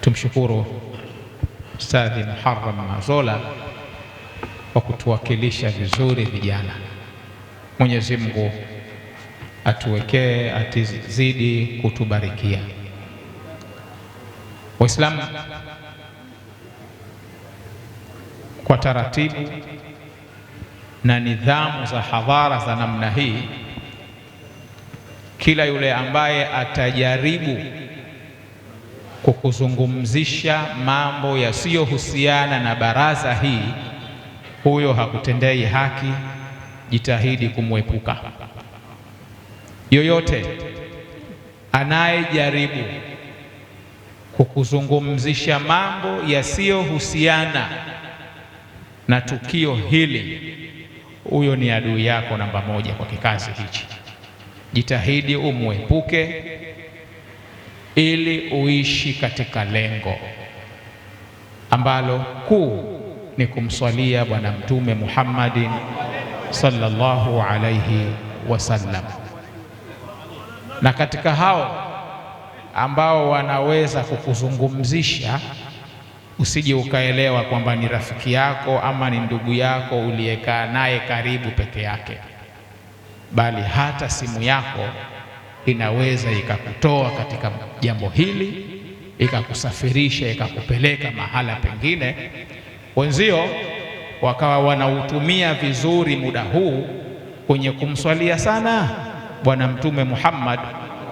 Tumshukuru Ustadhi Muharram Mazola kwa kutuwakilisha vizuri vijana. Mwenyezi Mungu atuwekee, atizidi kutubarikia. Waislamu, kwa taratibu na nidhamu za hadhara za namna hii, kila yule ambaye atajaribu kukuzungumzisha mambo yasiyohusiana na baraza hii, huyo hakutendei haki, jitahidi kumwepuka. Yoyote anayejaribu kukuzungumzisha mambo yasiyohusiana na tukio hili, huyo ni adui yako namba moja kwa kikazi hichi, jitahidi umwepuke ili uishi katika lengo ambalo kuu ni kumswalia Bwana Mtume Muhammadin sallallahu alayhi wasallam. Na katika hao ambao wanaweza kukuzungumzisha, usije ukaelewa kwamba ni rafiki yako ama ni ndugu yako uliyekaa naye karibu peke yake, bali hata simu yako inaweza ikakutoa katika jambo hili ikakusafirisha ikakupeleka mahala pengine. Wenzio wakawa wanautumia vizuri muda huu kwenye kumswalia sana Bwana Mtume Muhammad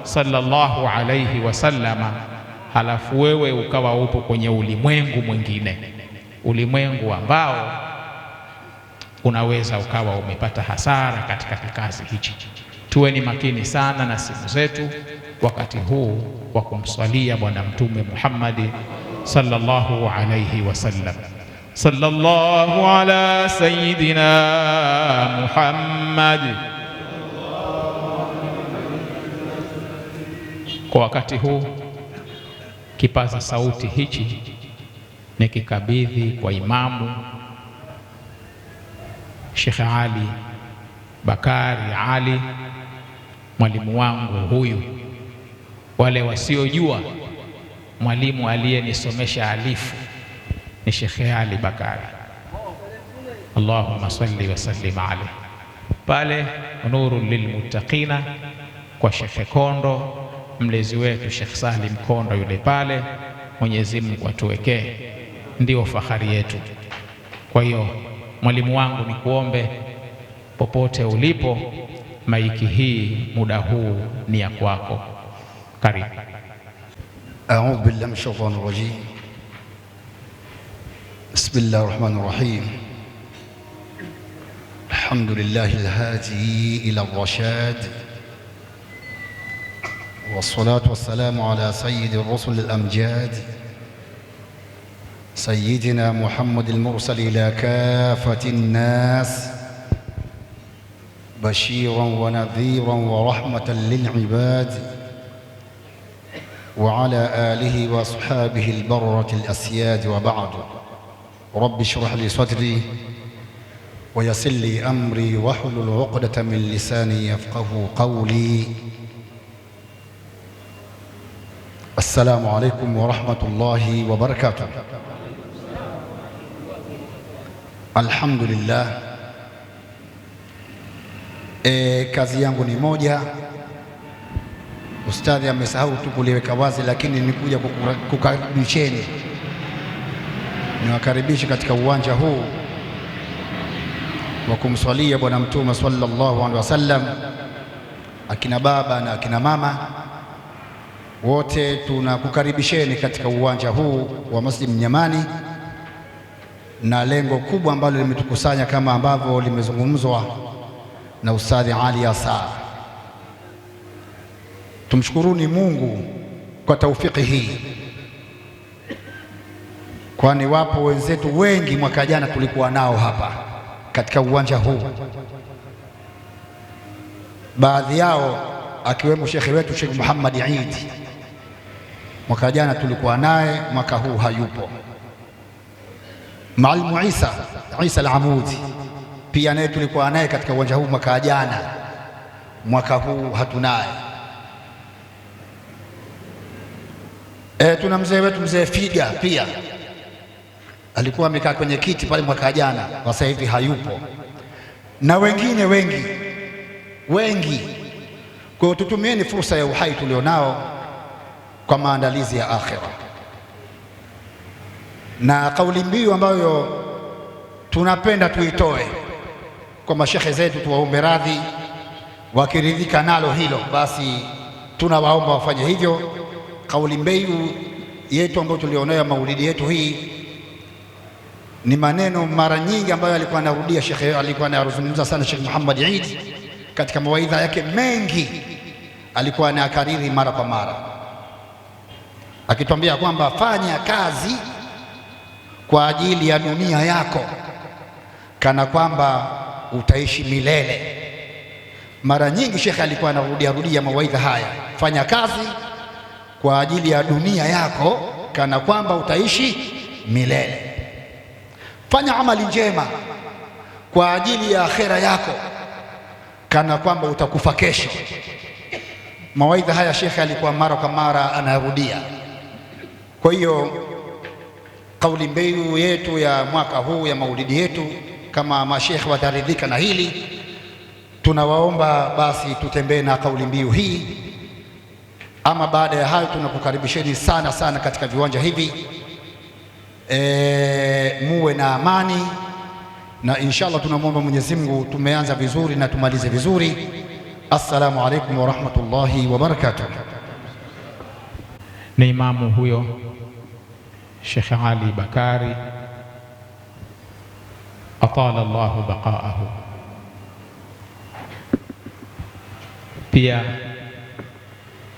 sallallahu alayhi wasallama, halafu wewe ukawa upo kwenye ulimwengu mwingine, ulimwengu ambao unaweza ukawa umepata hasara katika kikazi hichi. Tuweni makini sana na simu zetu wakati huu wa kumswalia Bwana Mtume Muhammadi sallallahu alayhi wasallam. Sallallahu ala sayidina Muhammad. Kwa wakati huu kipaza sauti hichi ni kikabidhi kwa Imamu Sheikh Ali Bakari Ali mwalimu wangu huyu. Wale wasiojua mwalimu aliyenisomesha alifu ni Shekhe Ali Bakari, Allahumma salli wa sallim alayhi. Pale nuru lilmuttaqina kwa Shekhe Kondo, mlezi wetu Shekh Salim Kondo yule pale. Mwenyezi Mungu atuwekee, ndio fahari yetu. Kwa hiyo mwalimu wangu, nikuombe popote ulipo maiki hii muda huu ni ya kwako. Karibu. A'udhu billahi minash shaitani rajim. Bismillahir rahmanir rahim. Alhamdulillahil hadi ila rashad wassalatu wassalamu ala sayyidi rusulil amjad sayyidina Muhammadil mursal ila kafati nnas بشيرا ونذيرا ورحمة للعباد وعلى آله وأصحابه البرة الأسياد وبعد رب اشرح لي صدري ويسر لي أمري واحلل عقدة من لساني يفقه قولي السلام عليكم ورحمة الله وبركاته الحمد لله E, kazi yangu ni moja. Ustadhi amesahau tu kuliweka wazi, lakini nikuja kukaribisheni, niwakaribishe katika uwanja huu wa kumswalia Bwana Mtume sallallahu alaihi wasallam, akina baba na akina mama wote tunakukaribisheni katika uwanja huu wa Masjid Mnyamani, na lengo kubwa ambalo limetukusanya kama ambavyo limezungumzwa na Ustadhi Ali Asar. Tumshukuruni Mungu kwa taufiki hii, kwani wapo wenzetu wengi mwaka jana tulikuwa nao hapa katika uwanja huu, baadhi yao akiwemo shekhe wetu Sheikh Muhammad Eid, mwaka jana tulikuwa naye, mwaka huu hayupo. Maalimu Isa Isa al-Amudi pia naye tulikuwa naye katika uwanja huu mwaka jana, mwaka huu hatunaye. E, tuna mzee wetu mzee Figa pia alikuwa amekaa kwenye kiti pale mwaka jana, kwa sasa hivi hayupo, na wengine wengi wengi. Kwa hiyo tutumieni fursa ya uhai tulionao kwa maandalizi ya akhira, na kauli mbiu ambayo tunapenda tuitoe kwa mashehe zetu, tuwaombe radhi. Wakiridhika nalo hilo basi, tunawaomba wafanye hivyo. Kauli mbiu yetu ambayo tulionayo maulidi yetu hii ni maneno mara nyingi ambayo alikuwa anarudia shekhe, alikuwa anazungumza sana Sheikh Muhammad Eid katika mawaidha yake mengi, alikuwa anakariri mara kwa mara akitwambia kwamba fanya kazi kwa ajili ya dunia yako kana kwamba utaishi milele. Mara nyingi shekhe alikuwa anarudia rudia mawaidha haya, fanya kazi kwa ajili ya dunia yako kana kwamba utaishi milele, fanya amali njema kwa ajili ya akhera yako kana kwamba utakufa kesho. Mawaidha haya shekhe alikuwa mara kwa mara anarudia. Kwa hiyo kauli mbiu yetu ya mwaka huu ya maulidi yetu kama mashekhe wataridhika na hili, tunawaomba basi tutembee na kauli mbiu hii. Ama baada ya hayo, tunakukaribisheni sana sana katika viwanja hivi e, muwe na amani na inshallah, tunamwomba Mwenyezi Mungu tumeanza vizuri na tumalize vizuri. Assalamu alaikum wa rahmatullahi wa barakatuh. Ni imamu huyo Sheikh Ali Bakari atala llahu baqaahu. Pia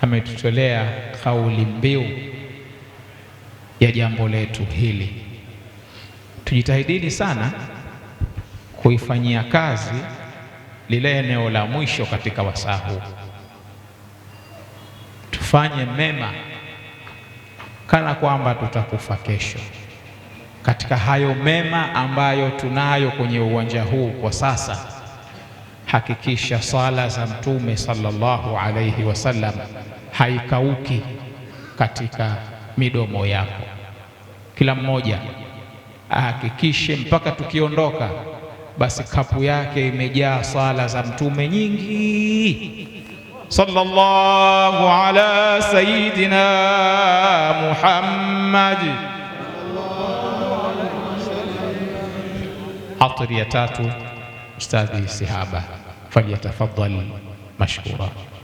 ametutolea kauli mbiu ya jambo letu hili, tujitahidini sana kuifanyia kazi lile eneo la mwisho katika wasaa huu, tufanye mema kana kwamba tutakufa kesho katika hayo mema ambayo tunayo kwenye uwanja huu kwa sasa, hakikisha sala za Mtume sallallahu alaihi wasallam haikauki katika midomo yako. Kila mmoja ahakikishe mpaka tukiondoka, basi kapu yake imejaa sala za Mtume nyingi sallallahu ala sayidina muhammadi حاضر يا استاذي سهابه فليتفضل مشكورا